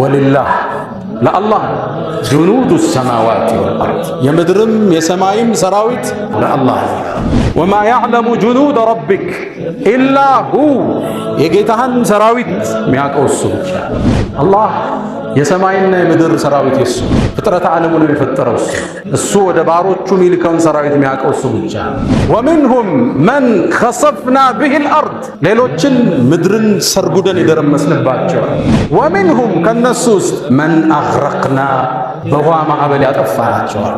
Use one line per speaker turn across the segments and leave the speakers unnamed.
ወልላህ ለአላህ ጁኑዱ ሰማዋት ወልአርድ
የምድርም የሰማይም ሰራዊት
ለአላህ። ወማ ያዕለሙ ጁኑደ ረቢክ ኢላ ሁ የጌታህን ሰራዊት ሚያቀውሱ አላህ የሰማይና የምድር ሰራዊት የሱ ፍጥረት ዓለሙ ነው የፈጠረው እሱ እሱ ወደ ባሮቹ ሚልከውን ሰራዊት የሚያውቀው እሱ ብቻ። ወምንሁም መን ከሰፍና ብሂ ልአርድ ሌሎችን ምድርን ሰርጉደን የደረመስንባቸዋል። ወምንሁም ከነሱ ውስጥ መን አግረቅና በውሃ ማዕበል ያጠፋናቸዋል።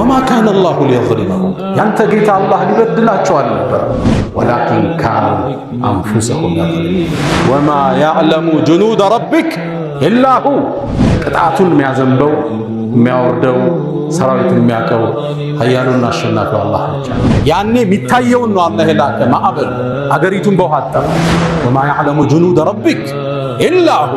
ወማ ካነ አላሁ ሊየዝሊመሁም ያንተ ጌታ አላህ ሊበድላቸው አልነበረ። ወላኪን ካኑ አንፉሰሁም ወማ ያዕለሙ ጅኑደ ረቢክ የላሁ ቅጣቱን የሚያዘንበው የሚያወርደው ሰራዊቱን የሚያቀው ኃያሉና አሸናፊው አላህ ብቻ። ያኔ የሚታየውን ነው አላህ የላከ ማዕበል አገሪቱን በውሃ አጠበ። ወማ ያዕለሙ ጅኑድ ረቢክ ኢላሁ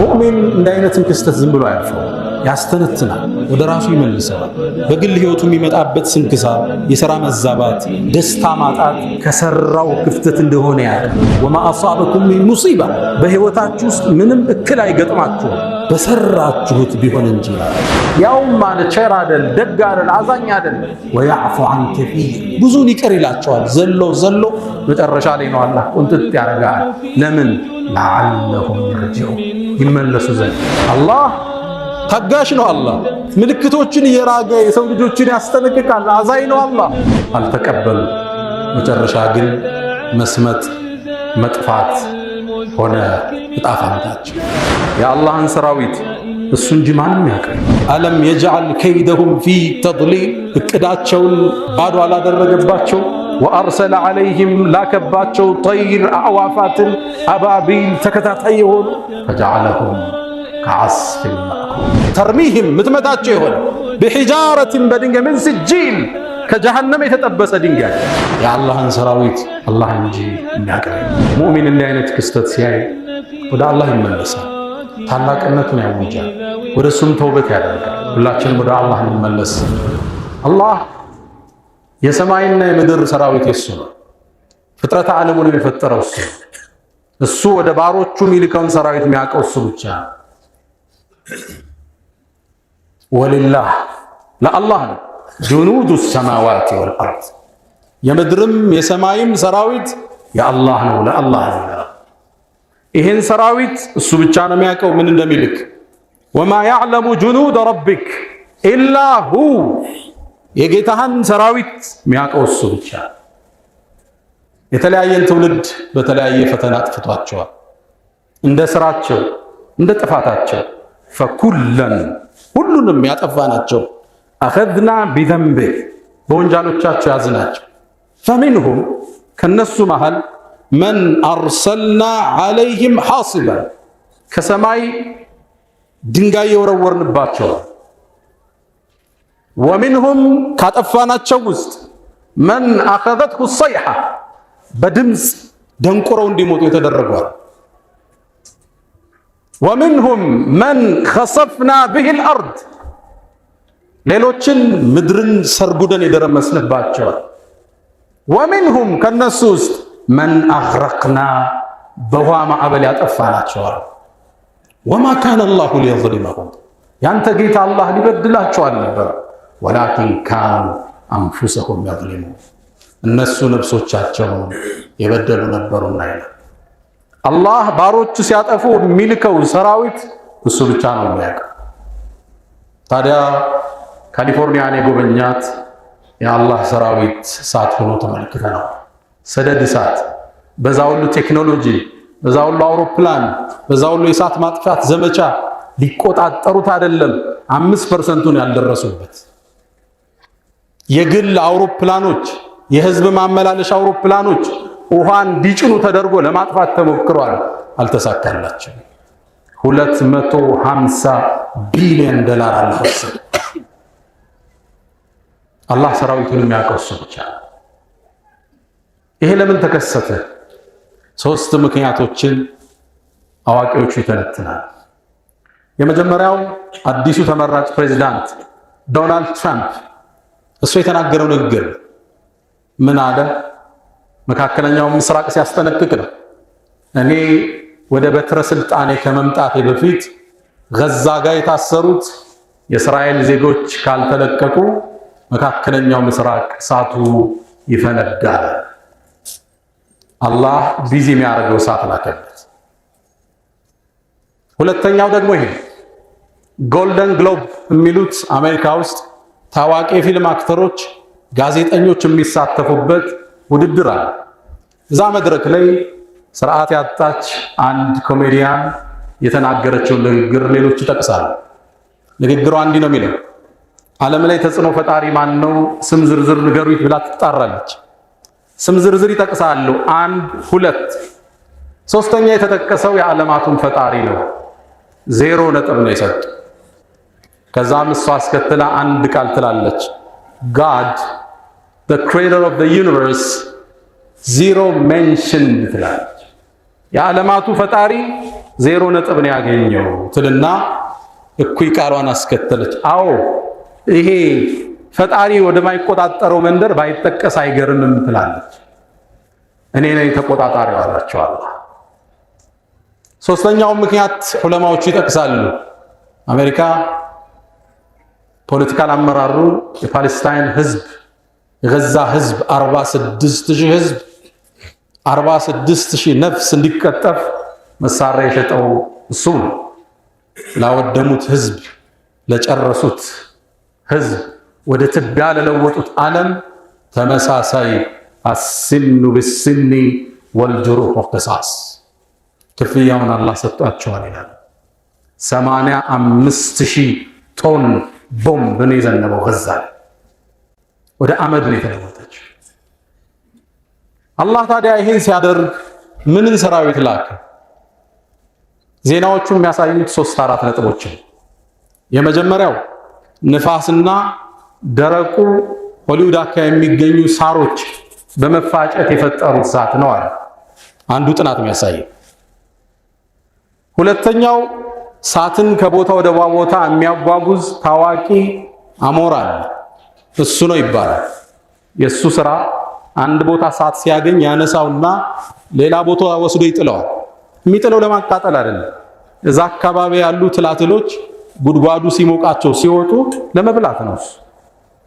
ሙእሚን እንደ አይነትን ክስተት ዝም ብሎ አያልፈው። ያስተነትናል፣ ወደ ራሱ ይመልሳል። በግል ህይወቱ የሚመጣበት ስንክሳር፣ የሥራ መዛባት፣ ደስታ ማጣት ከሰራው ክፍተት እንደሆነ ያውቃል። ወማ አሳበኩም ሙሲባ በሕይወታችሁ ውስጥ ምንም እክል አይገጥማችሁም በሰራችሁት ቢሆን እንጂ ያውም ማለት ቸር አደል፣ ደግ አደል፣ አዛኝ አደል። ወያዕፉ አን ከፊር ብዙን ይቅር ይላቸዋል። ዘሎ ዘሎ መጨረሻ ላይ ነው አላህ ቁንጥጥ ያደርጋል። ለምን ለዓለሁም ይርጅዑ ይመለሱ ዘንድ አላህ ታጋሽ ነው አላህ። ምልክቶችን እየራገ የሰው ልጆችን ያስጠነቅቃል። አዛይ ነው አላህ። አልተቀበሉ። መጨረሻ ግን መስመጥ መጥፋት ሆነ ዕጣ ፈንታቸው። የአላህን ሰራዊት እሱ እንጂ ማንም ያውቃል። አለም የጅዐል ከይደሁም ፊ ተድሊል እቅዳቸውን ባዶ አላደረገባቸው ወአርሰለ ዓለይህም ላከባቸው ጠይር አዕዋፋትን አባቢል ተከታታይ የሆኑ ፈጀዐለሁም ከዓስፊል ማእኩል ተርሚህም ምትመታቸው ይሆን ብሒጃረትን በድንጋይ ምን ስጂል ከጀሃነም የተጠበሰ ድንጋይ የአላህን ሰራዊት አላህ እንጂ የሚያቀር ሙእሚን እንዲህ አይነት ክስተት ሲያይ ወደ አላህ ይመለሳል። ታላቅነቱን ያውጃል። ወደ እሱም ተውበት ያደርጋል። ሁላችንም ወደ አላህ እንመለስ። አላህ የሰማይና የምድር ሰራዊት የሱ ነው። ፍጥረት ዓለሙንም የፈጠረው እሱ ነው። እሱ ወደ ባሮቹ ሚልከውን ሰራዊት የሚያውቀው እሱ ብቻ ነው። ወሊላህ ለአላህ ነው ጁኑዱ ሰማዋት ወልአርድ የምድርም የሰማይም ሰራዊት የአላህ ነው ለአላህ ነው። ይህን ሰራዊት እሱ ብቻ ነው የሚያውቀው ምን እንደሚልክ። ወማ ያዕለሙ ጁኑደ ረቢክ ኢላ ሁ የጌታህን ሰራዊት የሚያውቀው እሱ ብቻ። የተለያየን ትውልድ በተለያየ ፈተና አጥፍቷቸዋል። እንደ ስራቸው እንደ ጥፋታቸው ፈኩለን ሁሉንም ያጠፋ ናቸው አኸዝና ቢዘንቤ በወንጃሎቻቸው ያዝ ናቸው። ፈሚንሁም ከነሱ መሃል መን አርሰልና ዓለይህም ሐሲበን ከሰማይ ድንጋይ የወረወርንባቸዋል። ወሚንሁም ካጠፋናቸው ውስጥ መን አኸዘትሁ ሰይሐ በድምፅ ደንቁረው እንዲሞቱ የተደረገዋል። ወሚንሁም መን ከሰፍና ብህል አርድ ሌሎችን ምድርን ሰርጉደን የደረመስንባቸዋል። ወምንሁም ከነሱ ውስጥ መን አግረቅና በውሃ ማዕበል ያጠፋናቸዋል። ወማ ካነ አላሁ ሊየዝሊመሁም ያንተ ጌታ አላህ ሊበድላቸው አልነበረ። ወላኪን ካኑ አንፉሰሁም የዝሊሙን እነሱ ነፍሶቻቸውን የበደሉ ነበሩና ይላል። አላህ ባሮቹ ሲያጠፉ የሚልከው ሰራዊት እሱ ብቻ ነው የሚያውቀው። ታዲያ ካሊፎርኒያን የጎበኛት የአላህ ሰራዊት እሳት ሆኖ ነው። ሰደድ እሳት፣ በዛ ሁሉ ቴክኖሎጂ፣ በዛ ሁሉ አውሮፕላን፣ በዛ ሁሉ የእሳት ማጥፋት ዘመቻ ሊቆጣጠሩት አይደለም አምስት ፐርሰንቱን ያልደረሱበት የግል አውሮፕላኖች፣ የህዝብ ማመላለሻ አውሮፕላኖች ውሃ እንዲጭኑ ተደርጎ ለማጥፋት ተሞክሯል። አልተሳካላቸው። 250 መቶ ቢሊዮን ዶላር አላህ ወሰደ። አላህ ሰራዊቱን የሚያውቀው ብቻ። ይሄ ለምን ተከሰተ? ሶስት ምክንያቶችን አዋቂዎቹ ይተነትናል። የመጀመሪያው አዲሱ ተመራጭ ፕሬዚዳንት ዶናልድ ትራምፕ እሱ የተናገረው ንግግር ምን አለ? መካከለኛው ምስራቅ ሲያስጠነቅቅ ነው። እኔ ወደ በትረ ስልጣኔ ከመምጣቴ በፊት ገዛ ጋር የታሰሩት የእስራኤል ዜጎች ካልተለቀቁ መካከለኛው ምስራቅ እሳቱ ይፈነዳል። አላህ ቢዚ የሚያደርገው እሳት ላከበት። ሁለተኛው ደግሞ ይሄ ጎልደን ግሎብ የሚሉት አሜሪካ ውስጥ ታዋቂ የፊልም አክተሮች፣ ጋዜጠኞች የሚሳተፉበት ውድድር አለ። እዛ መድረክ ላይ ስርዓት ያጣች አንድ ኮሜዲያን የተናገረችውን ንግግር ሌሎች ይጠቅሳሉ። ንግግሯ እንዲህ ነው የሚለው፣ ዓለም ላይ ተጽዕኖ ፈጣሪ ማን ነው? ስም ዝርዝር ንገሩት ብላ ትጣራለች። ስም ዝርዝር ይጠቅሳሉ፣ አንድ ሁለት፣ ሶስተኛ የተጠቀሰው የዓለማቱን ፈጣሪ ነው። ዜሮ ነጥብ ነው የሰጡ። ከዛም እሷ አስከትላ አንድ ቃል ትላለች ጋድ ክሬተር ኦፍ ዘ ዩኒቨርስ ዚሮ ሜንሽን ትላለች። የዓለማቱ ፈጣሪ ዜሮ ነጥብ ነው ያገኘው ትልና እኩይ ቃሏን አስከተለች። አዎ ይሄ ፈጣሪ ወደማይቆጣጠረው መንደር ባይጠቀስ አይገርምም ትላለች። እኔ ነኝ ተቆጣጣሪው አላቸው አላህ። ሶስተኛውን ምክንያት ዑለማዎቹ ይጠቅሳሉ። አሜሪካ ፖለቲካል አመራሩ የፓለስታይን ህዝብ የገዛ ህዝብ 46 ሺህ ህዝብ 46 ሺህ ነፍስ እንዲቀጠፍ መሳሪያ የሸጠው እሱ ነው። ላወደሙት ህዝብ፣ ለጨረሱት ህዝብ፣ ወደ ትቢያ ለለወጡት ዓለም ተመሳሳይ አስኑ ብስኒ ወልጅሩሑ ቅሳስ ክፍያውን አላህ ሰጧቸዋል ይላል። ሰማንያ አምስት ሺህ ቶን ቦምብ ነው የዘነበው ገዛ ወደ አመድ ነው የተለወጠች። አላህ ታዲያ ይህን ሲያደርግ ምንን ሰራዊት ላከ? ዜናዎቹ የሚያሳዩት ሶስት አራት ነጥቦች! የመጀመሪያው ንፋስና ደረቁ ሆሊውድ አካባቢ የሚገኙ ሳሮች በመፋጨት የፈጠሩት ዛት ነው አለ አንዱ ጥናት የሚያሳየው። ሁለተኛው ሳትን ከቦታ ወደ ቦታ የሚያጓጉዝ ታዋቂ አሞራ እሱ ነው ይባላል። የእሱ ስራ አንድ ቦታ እሳት ሲያገኝ ያነሳውና ሌላ ቦታ ወስዶ ይጥለዋል። የሚጥለው ለማቃጠል አይደለም። እዛ አካባቢ ያሉ ትላትሎች ጉድጓዱ ሲሞቃቸው ሲወጡ ለመብላት ነው።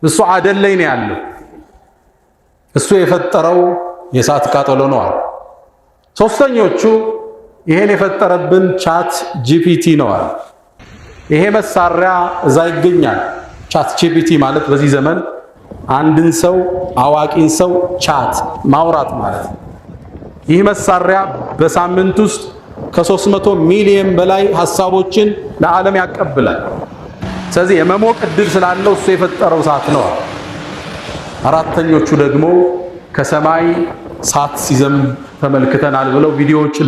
እሱ አደን ላይ ነው ያለው። እሱ የፈጠረው የእሳት ቃጠሎ ነው። ሶስተኞቹ ይሄን የፈጠረብን ቻት ጂፒቲ ነዋል። ይሄ መሳሪያ እዛ ይገኛል። ቻት ጂፒቲ ማለት በዚህ ዘመን አንድን ሰው አዋቂን ሰው ቻት ማውራት ማለት ይህ መሳሪያ በሳምንት ውስጥ ከ300 ሚሊዮን በላይ ሀሳቦችን ለዓለም ያቀብላል። ስለዚህ የመሞቅ እድል ስላለው እሱ የፈጠረው እሳት ነው። አራተኞቹ ደግሞ ከሰማይ እሳት ሲዘንብ ተመልክተናል ብለው ቪዲዮዎችን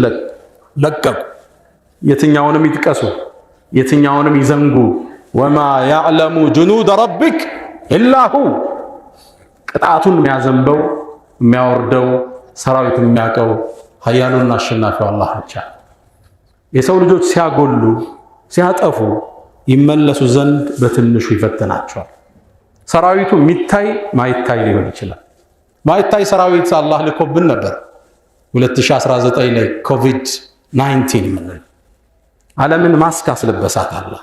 ለቀቁ። የትኛውንም ይጥቀሱ፣ የትኛውንም ይዘንጉ ወማ ያዕለሙ ጅኑደ ረቢክ ኢላሁ ቅጣቱን የሚያዘንበው የሚያወርደው ሰራዊት የሚያውቀው ሀያሉና አሸናፊው አላህ ብቻ። የሰው ልጆች ሲያጎሉ ሲያጠፉ ይመለሱ ዘንድ በትንሹ ይፈትናቸዋል። ሰራዊቱ የሚታይ ማይታይ ሊሆን ይችላል። ማይታይ ሰራዊት አላህ ልኮብን ነበር 2019 ላይ ኮቪድ 19 የምንለው ዓለምን ማስክ አስለበሳት አላህ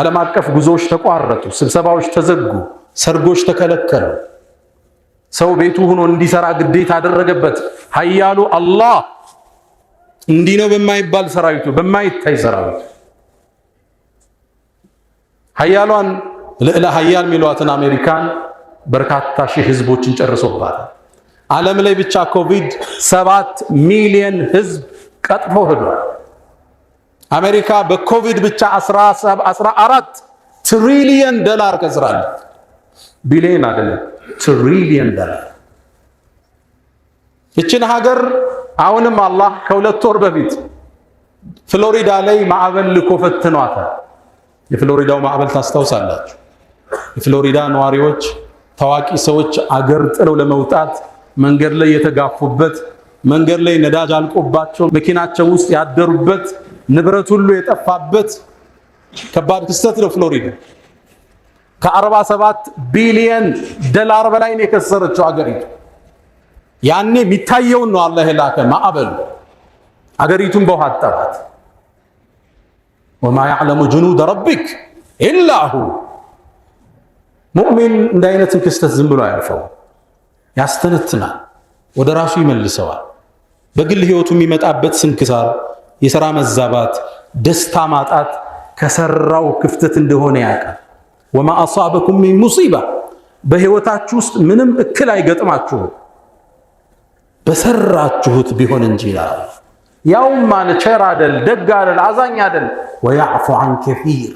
ዓለም አቀፍ ጉዞዎች ተቋረጡ፣ ስብሰባዎች ተዘጉ፣ ሰርጎች ተከለከሉ። ሰው ቤቱ ሆኖ እንዲሰራ ግዴታ አደረገበት። ሀያሉ አላህ እንዲህ ነው በማይባል ሰራዊቱ በማይታይ ሰራዊቱ ኃያሏን ልዕለ ኃያል የሚሏትን አሜሪካን በርካታ ሺህ ህዝቦችን ጨርሶባታል። ዓለም ላይ ብቻ ኮቪድ ሰባት ሚሊየን ህዝብ ቀጥፎ ሄዷል። አሜሪካ በኮቪድ ብቻ 14 ትሪሊየን ዶላር ገዝራል። ቢሊየን አይደለም ትሪሊየን ዶላር። ይችን ሀገር አሁንም አላህ ከሁለት ወር በፊት ፍሎሪዳ ላይ ማዕበል ልኮ ፈትኗታል። የፍሎሪዳው ማዕበል ታስታውሳላችሁ። የፍሎሪዳ ነዋሪዎች ታዋቂ ሰዎች አገር ጥለው ለመውጣት መንገድ ላይ የተጋፉበት መንገድ ላይ ነዳጅ አልቆባቸው መኪናቸው ውስጥ ያደሩበት ንብረት ሁሉ የጠፋበት ከባድ ክስተት ነው። ፍሎሪዳ ከ47 ቢሊየን ዶላር በላይ ነው የከሰረችው አገሪቱ። ያኔ የሚታየውን ነው አላህ የላከ ማዕበሉ። አገሪቱን በውሃ አጠራት። ወማ ያዕለሙ ጅኑደ ረቢክ ኢላሁ። ሙእሚን እንደ አይነትን ክስተት ዝም ብሎ አያልፈው፣ ያስተነትናል፣ ወደ ራሱ ይመልሰዋል። በግል ህይወቱ የሚመጣበት ስንክሳር የሥራ መዛባት፣ ደስታ ማጣት ከሰራው ክፍተት እንደሆነ ያውቃል። ወማ አሳበኩም ሚን ሙሲባ በሕይወታችሁ ውስጥ ምንም እክል አይገጥማችሁም በሰራችሁት ቢሆን እንጂ ይላል። ያውም አለ ቸር አደል፣ ደግ አደል፣ አዛኝ አደል። ወያዕፉ አን ከፊር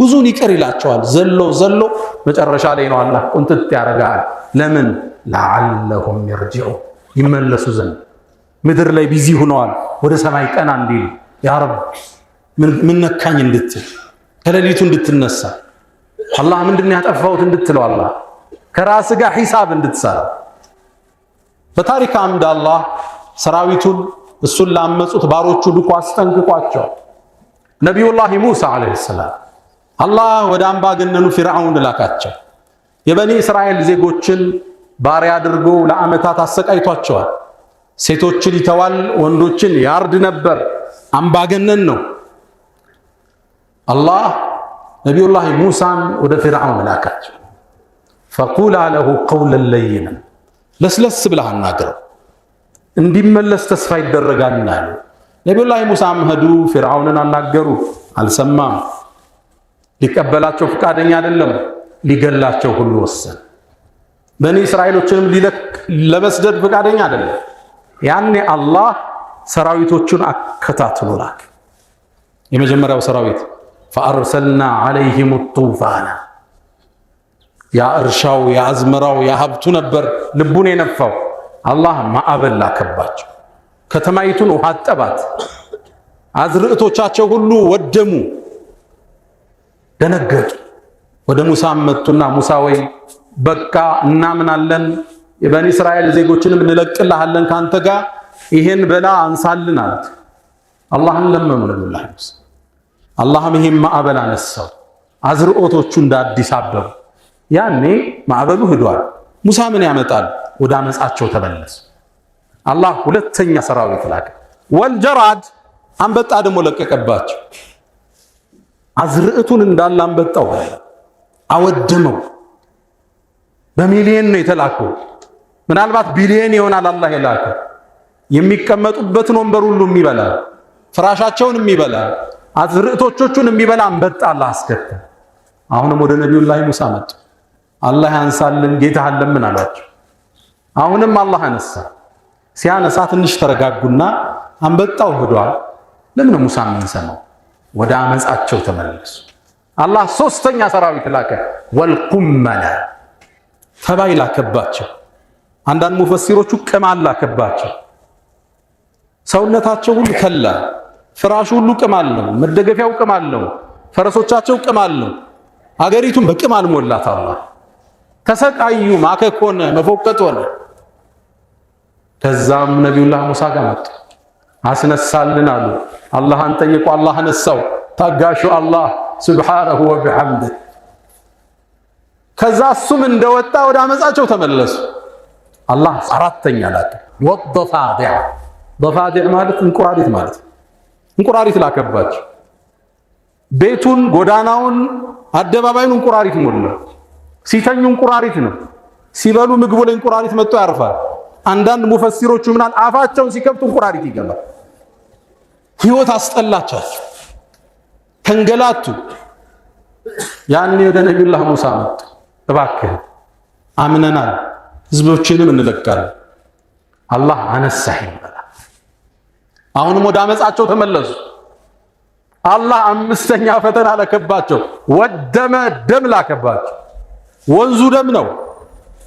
ብዙን ይቅር ይላቸዋል። ዘሎ ዘሎ መጨረሻ ላይ ነው አላህ ቁንጥጥ ያደርጋል። ለምን ለዓለሁም ይርጅዑ ይመለሱ ዘንድ ምድር ላይ ቢዚ ሆነዋል። ወደ ሰማይ ቀና እንዲሉ ያ ረብ ምን ነካኝ እንድትል ከሌሊቱ እንድትነሳ አላህ ምንድነው ያጠፋሁት እንድትለው አላህ ከራስ ጋር ሂሳብ እንድትሰራ በታሪክ አምድ አላህ ሰራዊቱን እሱን ላመጹት ባሮቹ ልኮ አስጠንቅቋቸው ነቢዩላህ ሙሳ ዓለይሂ ሰላም አላህ ወደ አምባገነኑ ፊርዓውን ላካቸው። የበኒ እስራኤል ዜጎችን ባሪያ አድርጎ ለዓመታት አሰቃይቷቸዋል። ሴቶችን ይተዋል፣ ወንዶችን ያርድ ነበር። አምባገነን ነው። አላህ ነቢዩላህ ሙሳን ወደ ፊርዓውን ላካቸው። ፈቁላ ለሁ ቀውለን ለይነን ለስለስ ብለህ አናግረው እንዲመለስ ተስፋ ይደረጋልና አሉ። ነቢዩላህ ሙሳም ሄዱ፣ ፊርዓውንን አናገሩ፣ አልሰማም። ሊቀበላቸው ፈቃደኛ አይደለም። ሊገላቸው ሁሉ ወሰን። በእኔ እስራኤሎችንም ሊለክ ለመስደድ ፈቃደኛ አይደለም። ያኔ አላህ ሰራዊቶቹን አከታትሎ ላክ። የመጀመሪያው ሰራዊት ፈአርሰልና ዓለይሂም ጡፋና ያእርሻው ያአዝመራው ያሀብቱ ነበር ልቡን የነፋው። አላህ ማዕበል ላከባቸው። ከተማይቱን ውሃ አጠባት። አዝርዕቶቻቸው ሁሉ ወደሙ፣ ደነገጡ። ወደ ሙሳ መጡና ሙሳ ወይ በቃ እናምናለን የበኒ እስራኤል ዜጎችንም እንለቅልሃለን ካንተ ጋር ይሄን በላ አንሳልን አሉት። አላህን ለመኑ ነብዩላህ ሙሳ። አላህም ይሄን ማዕበል አነሳው፣ አዝርኦቶቹ እንደ አዲስ አበቡ። ያኔ ማዕበሉ ሂዷል። ሙሳ ምን ያመጣል? ወደ መጻቸው ተመለሱ። አላህ ሁለተኛ ሰራዊት ላከ። ወልጀራድ አንበጣ ደግሞ ለቀቀባቸው። አዝርዕቱን እንዳለ አንበጣው አወደመው። በሚሊየን ነው የተላከው። ምናልባት ቢሊየን ይሆናል አላህ የላከ የሚቀመጡበትን ወንበር ሁሉ የሚበላ ፍራሻቸውን የሚበላ አዝርዕቶቹን የሚበላ አንበጣ አላህ አስከተለ። አሁንም ወደ ነቢዩላህ ሙሳ መጡ። አላህ ያንሳልን ጌታህን ለምን አሏቸው። አሁንም አላህ አነሳ። ሲያነሳ ትንሽ ተረጋጉና አንበጣው ሄዷል። ለምን ሙሳ የምንሰማው? ወደ አመጻቸው ተመለሱ። አላህ ሶስተኛ ሰራዊት ላከ። ወልቁመና ተባይ ላከባቸው። አንዳንድ ሙፈሲሮቹ አላ ከባቸው ሰውነታቸው ሁሉ ከላ፣ ፍራሹ ሁሉ ቅማል ነው፣ መደገፊያው ቅማል ነው፣ ፈረሶቻቸው ቅማል አለው አገሪቱን በቅማል አልሞላት አላ ተሰቃዩ። ማከክ ሆነ፣ መፎቀጥ ሆነ። ከዛም ነቢዩላህ ሙሳ ጋር መጡ። አስነሳልን አሉ። አላህን ጠየቁ። አላህ አነሳው። ታጋሹ አላህ ሱብሓነሁ ወቢሐምድ። ከዛ እሱም እንደወጣ ወደ አመፃቸው ተመለሱ። አላህ አራተኛ ላከ። ወደፋዲዕ ደፋዲዕ ማለት እንቁራሪት ማለት እንቁራሪት ላከባቸው። ቤቱን፣ ጎዳናውን፣ አደባባዩን እንቁራሪት ሞላ። ሲተኙ እንቁራሪት ነው። ሲበሉ ምግቡ ላይ እንቁራሪት መጥቶ ያርፋል። አንዳንድ ሙፈሲሮቹ ምናል አፋቸውን ሲከፍቱ እንቁራሪት ይገባል። ህይወት አስጠላቻል። ተንገላቱ። ያኔ ወደ ነቢዩላህ ሙሳ መጡ። እባክህ አምነናል ህዝቦችንም እንለቃለን። አላህ አነሳህ ይበላ። አሁንም ወደ አመጻቸው ተመለሱ። አላህ አምስተኛ ፈተና ለከባቸው። ወደመ ደም ላከባቸው። ወንዙ ደም ነው፣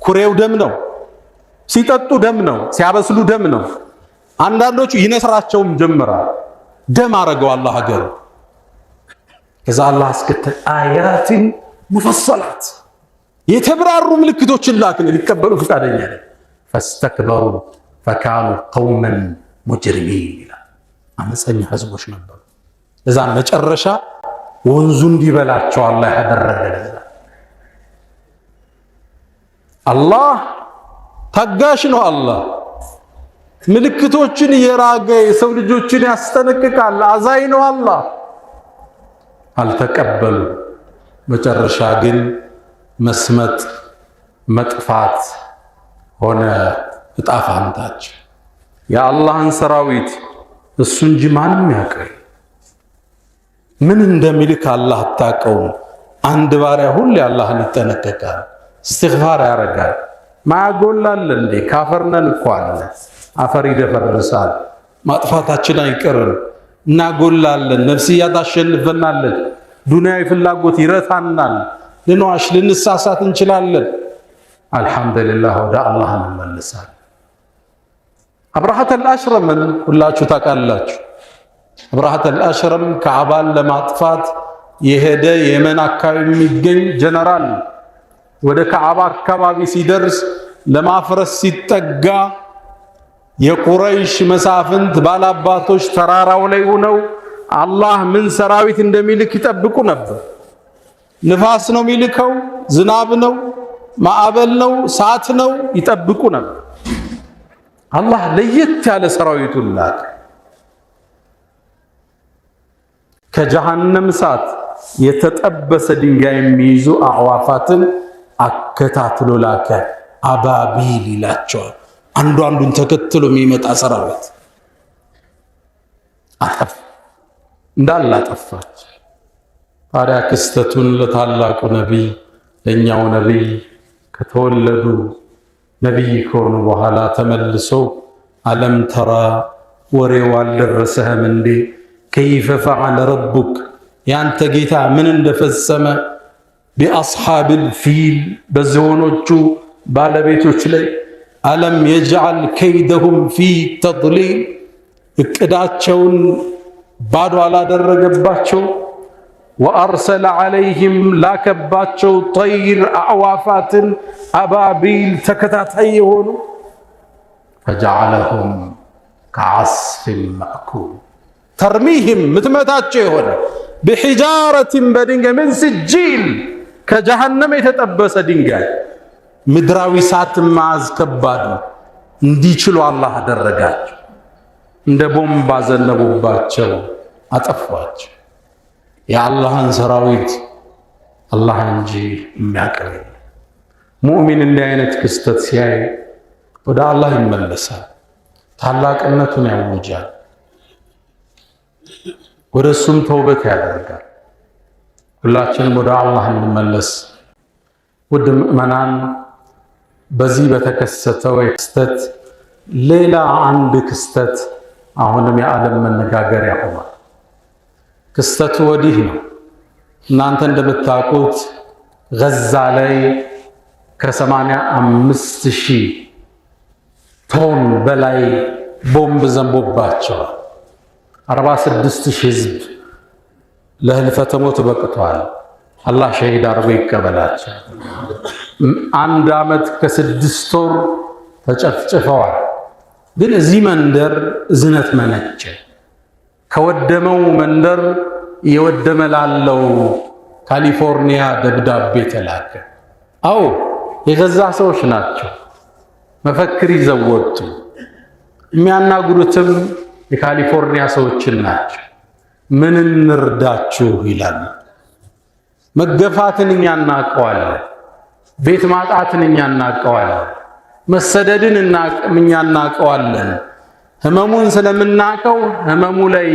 ኩሬው ደም ነው፣ ሲጠጡ ደም ነው፣ ሲያበስሉ ደም ነው። አንዳንዶቹ ይነስራቸውም ጀምራል። ደም አረገው አላህ ሀገሩ ከዛ አላህ አስከተ አያትን ሙፈሰላት የተብራሩ ምልክቶችን ላክን፣ ሊቀበሉ ፈቃደኛ ነ ፈስተክበሩ ፈካኑ ቀውመን ሙጅሪሚን ይላል። አመፀኛ ህዝቦች ነበሩ። እዛ መጨረሻ ወንዙ እንዲበላቸው አላ ያደረገ አላህ ታጋሽ ነው። አላህ ምልክቶችን እየራገ የሰው ልጆችን ያስጠነቅቃል። አዛይ ነው አላህ። አልተቀበሉ መጨረሻ ግን መስመጥ መጥፋት ሆነ እጣ ፋንታቸው። የአላህን ሰራዊት እሱ እንጂ ማንም ያውቃል። ምን እንደሚልክ አላህ አታውቀውም። አንድ ባሪያ ሁሌ አላህን ይጠነቀቃል፣ እስትግፋር ያደርጋል። ማያጎላል እንዴ ካፈርነን እኮ አለ አፈር ይደፈርሳል። ማጥፋታችን አይቀርም፣ እናጎላለን። ነፍስያ ታሸንፈናለች። ዱንያዊ ፍላጎት ይረታናል። ልንዋሽ ልንሳሳት እንችላለን። አልሐምዱሊላህ ወደ አላህ እንመልሳለን። አብራሃተል አሽረምን ሁላችሁ ታውቃላችሁ። አብረሃት አሽረም ከአባል ለማጥፋት የሄደ የመን አካባቢ የሚገኝ ጀነራል ወደ ከአባ አካባቢ ሲደርስ ለማፍረስ ሲጠጋ የቁረይሽ መሳፍንት ባላባቶች ተራራው ላይ ሆነው አላህ ምን ሰራዊት እንደሚልክ ይጠብቁ ነበር። ንፋስ ነው የሚልከው፣ ዝናብ ነው፣ ማዕበል ነው፣ ሰዓት ነው። ይጠብቁ ነው። አላህ ለየት ያለ ሰራዊቱን ላከ። ከጀሃነም እሳት የተጠበሰ ድንጋይ የሚይዙ አዕዋፋትን አከታትሎ ላከ። አባቢል ይላቸዋል። አንዱ አንዱን ተከትሎ የሚመጣ ሰራዊት አጠፍ ታዲያ ክስተቱን ለታላቁ ነቢይ ለእኛው ነቢይ ከተወለዱ ነቢይ ከሆኑ በኋላ ተመልሶ አለም ተራ ወሬው አልደረሰህም እንዴ? ከይፈ ፈዓለ ረቡክ ያንተ ጌታ ምን እንደፈጸመ ቢአስሓብል ፊል በዝሆኖቹ ባለቤቶች ላይ አለም የጅዓል ከይደሁም ፊ ተድሊል እቅዳቸውን ባዶ አላደረገባቸው ወአርሰለ ዓለይህም ላከባቸው ጠይር አዕዋፋትን አባቢል ተከታታይ የሆኑ ፈጀዓለሁም ከዓስፊን መእኩል ተርሚህም ምትመታቸው የሆነ ብሒጃረትን በድንጋይ ምን ስጂል ከጀሃነም የተጠበሰ ድንጋይ ምድራዊ እሳትን መዓዝ ከባድ ነው። እንዲችሉ አላህ አደረጋቸው። እንደ ቦምብ አዘነቡባቸው፣ አጠፏቸው። የአላህን ሰራዊት አላህ እንጂ የሚያቀርብ ሙእሚን እንዲህ አይነት ክስተት ሲያይ ወደ አላህ ይመለሳል። ታላቅነቱን ያውጃል። ወደ እሱም ተውበት ያደርጋል። ሁላችንም ወደ አላህ እንመለስ። ውድ ምዕመናን፣ በዚህ በተከሰተው ክስተት ሌላ አንድ ክስተት አሁንም የዓለም መነጋገሪያ ሆኗል። ክስተቱ ወዲህ ነው። እናንተ እንደምታውቁት ገዛ ላይ ከሰማንያ አምስት ሺህ ቶን በላይ ቦምብ ዘንቦባቸዋል። 46 ሺህ ህዝብ ለህልፈተ ሞት በቅቷል። አላህ ሸሂድ አድርጎ ይቀበላቸው። አንድ አመት ከስድስት ወር ተጨፍጭፈዋል። ግን እዚህ መንደር እዝነት መነጨ። ከወደመው መንደር የወደመ ላለው ካሊፎርኒያ ደብዳቤ ተላከ። አዎ የገዛ ሰዎች ናቸው። መፈክር ይዘው ወጡ። የሚያናግሩትም የካሊፎርኒያ ሰዎችን ናቸው። ምን እንርዳችሁ ይላሉ። መገፋትን እኛ እናቀዋለን። ቤት ማጣትን እኛ እናቀዋለን። መሰደድን እኛ እናቀዋለን። ህመሙን ስለምናቀው ህመሙ ላይ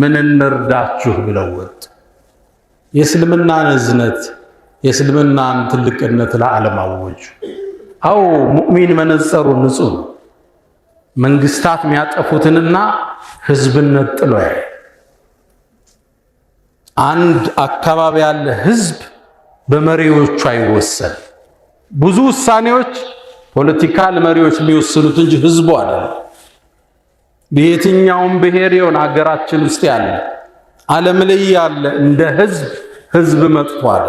ምን እንርዳችሁ ብለው ወጡ። የእስልምናን እዝነት የእስልምናን ትልቅነት ለዓለም አወጁ። አው ሙእሚን መነጸሩ ንጹህ ነው። መንግስታት የሚያጠፉትንና ህዝብነት ጥሎ አንድ አካባቢ ያለ ህዝብ በመሪዎቹ አይወሰን። ብዙ ውሳኔዎች ፖለቲካል መሪዎች የሚወስኑት እንጂ ህዝቡ አይደለም። በየትኛውም ብሔር ይሁን አገራችን ውስጥ ያለ ዓለም ላይ ያለ እንደ ህዝብ ህዝብ መጥቷል።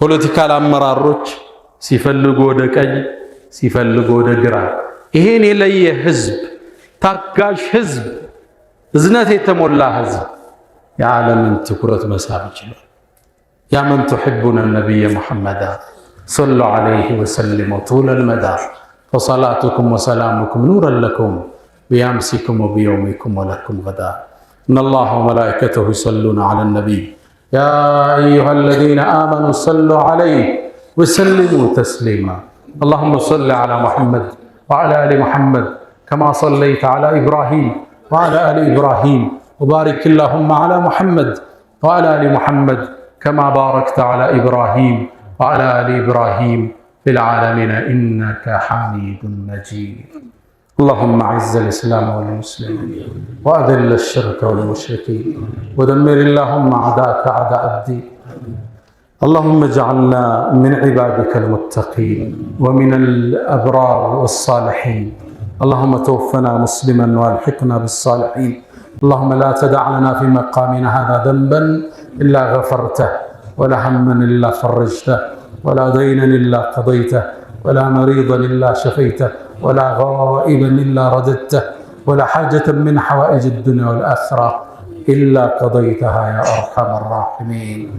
ፖለቲካል አመራሮች ሲፈልጉ ወደ ቀኝ፣ ሲፈልጉ ወደ ግራ። ይሄን የለየ ህዝብ፣ ታጋሽ ህዝብ፣ እዝነት የተሞላ ህዝብ የዓለምን ትኩረት መሳብ ይችላል። ያመን ትሕቡነ ነቢየ ሙሐመዳ ሰሉ ዓለይህ ወሰሊሙ ጡለል መዳ ወሰላቱኩም ወሰላሙኩም ኑረን ለኩም بأمسكم وبيومكم ولكم غدا إن الله وملائكته يصلون على النبي يا أيها الذين آمنوا صلوا عليه وسلموا تسليما اللهم صل على محمد وعلى آل محمد كما صليت على إبراهيم وعلى آل إبراهيم وبارك اللهم على محمد وعلى آل محمد كما باركت على إبراهيم وعلى آل إبراهيم في العالمين إنك حميد مجيد اللهم اعز الاسلام والمسلمين واذل الشرك والمشركين ودمر اللهم اعداءك اعداء الدين اللهم اجعلنا من عبادك المتقين ومن الابرار والصالحين اللهم توفنا مسلما والحقنا بالصالحين اللهم لا تدع لنا في مقامنا هذا ذنبا الا غفرته ولا هما الا فرجته ولا دينا الا قضيته ولا مريضا الا شفيته ولا غائبا إلا رددته ولا حاجة من حوائج الدنيا والآخرة إلا قضيتها يا أرحم الراحمين